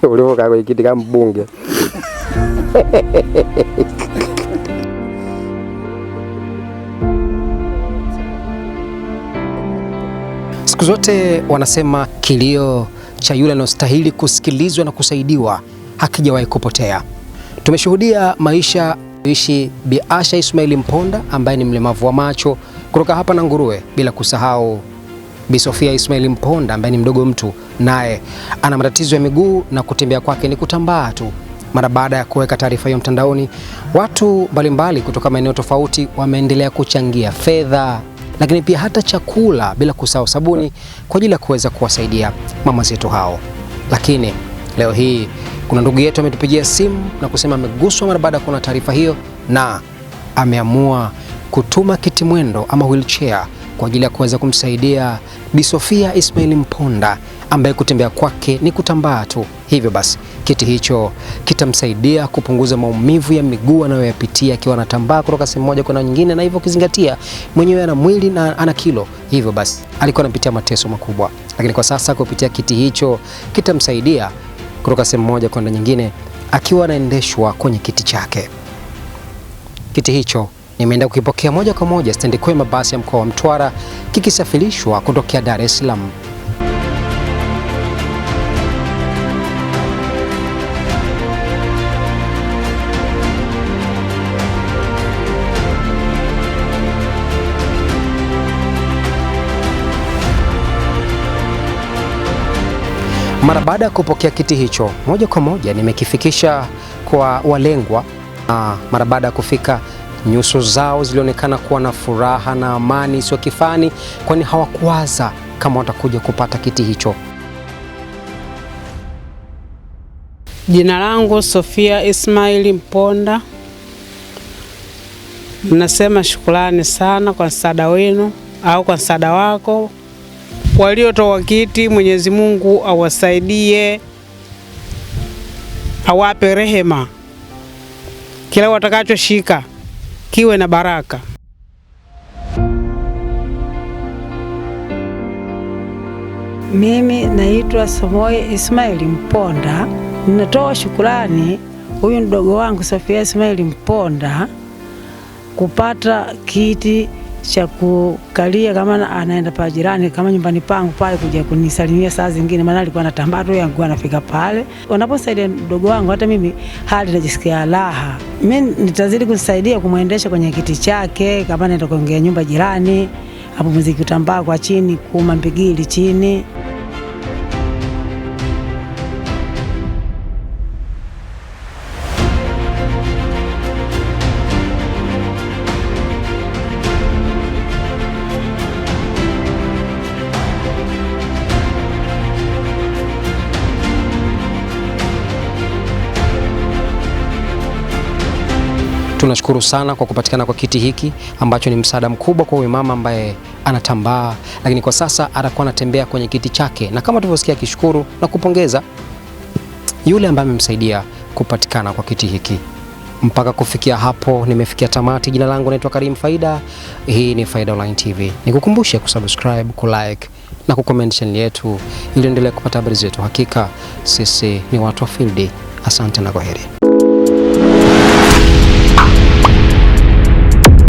ulivyokaa kwenye kiti kama mbunge. Siku zote wanasema kilio cha yule anayostahili kusikilizwa na kusaidiwa hakijawahi kupotea. Tumeshuhudia maisha ishi Bi Asha Ismaili Mponda ambaye ni mlemavu wa macho kutoka hapa na Nguruwe, bila kusahau Bi Sofia Ismail Mponda ambaye ni mdogo mtu, naye ana matatizo ya miguu na kutembea kwake ni kutambaa tu. Mara baada ya kuweka taarifa hiyo mtandaoni, watu mbalimbali kutoka maeneo tofauti wameendelea kuchangia fedha, lakini pia hata chakula, bila kusahau sabuni kwa ajili ya kuweza kuwasaidia mama zetu hao. Lakini leo hii kuna ndugu yetu ametupigia simu na kusema ameguswa mara baada ya kuona taarifa hiyo na ameamua kutuma kitimwendo ama wheelchair kwa ajili ya kuweza kumsaidia Bi Sofia Ismail Mponda ambaye kutembea kwake ni kutambaa tu. Hivyo basi kiti hicho kitamsaidia kupunguza maumivu ya miguu anayoyapitia akiwa anatambaa kutoka sehemu moja kwenda nyingine, na hivyo ukizingatia mwenyewe ana mwili na ana kilo, hivyo basi alikuwa anapitia mateso makubwa, lakini kwa sasa kupitia kiti hicho kitamsaidia kutoka sehemu moja kwenda nyingine akiwa anaendeshwa kwenye kiti chake. Kiti hicho nimeenda kukipokea moja kwa moja stendi kuu ya mabasi ya mkoa wa Mtwara kikisafirishwa kutokea Dar es Salaam. Mara baada ya kupokea kiti hicho moja kwa moja nimekifikisha kwa walengwa, ah, mara baada ya kufika Nyuso zao zilionekana kuwa na furaha na amani isiyo kifani, kwani hawakuwaza kama watakuja kupata kiti hicho. Jina langu Sofia Ismaili Mponda. Nasema shukrani sana kwa msaada wenu au kwa msaada wako. Waliotoa kiti, Mwenyezi Mungu awasaidie, awape rehema kila watakachoshika kiwe na baraka. Mimi naitwa Somoye Ismaili Mponda, ninatoa shukurani huyu mdogo wangu Sofia Ismaili Mponda kupata kiti cha kukalia kama anaenda pa jirani kama nyumbani pangu pale kuja kunisalimia saa zingine, maana alikuwa anatambaa tu yangu anafika pale. Wanaposaidia mdogo wangu, hata mimi hali najisikia raha. Mimi nitazidi kusaidia kumwendesha kwenye kiti chake, kama naenda kuongea nyumba jirani hapo, muziki utambaa kwa chini, kuuma mpigili chini. Tunashukuru sana kwa kupatikana kwa kiti hiki ambacho ni msaada mkubwa kwa huyu mama ambaye anatambaa, lakini kwa sasa atakuwa anatembea kwenye kiti chake, na kama tulivyosikia akishukuru na kupongeza yule ambaye amemsaidia kupatikana kwa kiti hiki. Mpaka kufikia hapo nimefikia tamati. Jina langu naitwa Karim Faida, hii ni Faida Online TV. Nikukumbushe kusubscribe, kulike na kucomment channel yetu ili endelee kupata habari zetu. Hakika sisi ni watu wa field. Asante na kwaheri.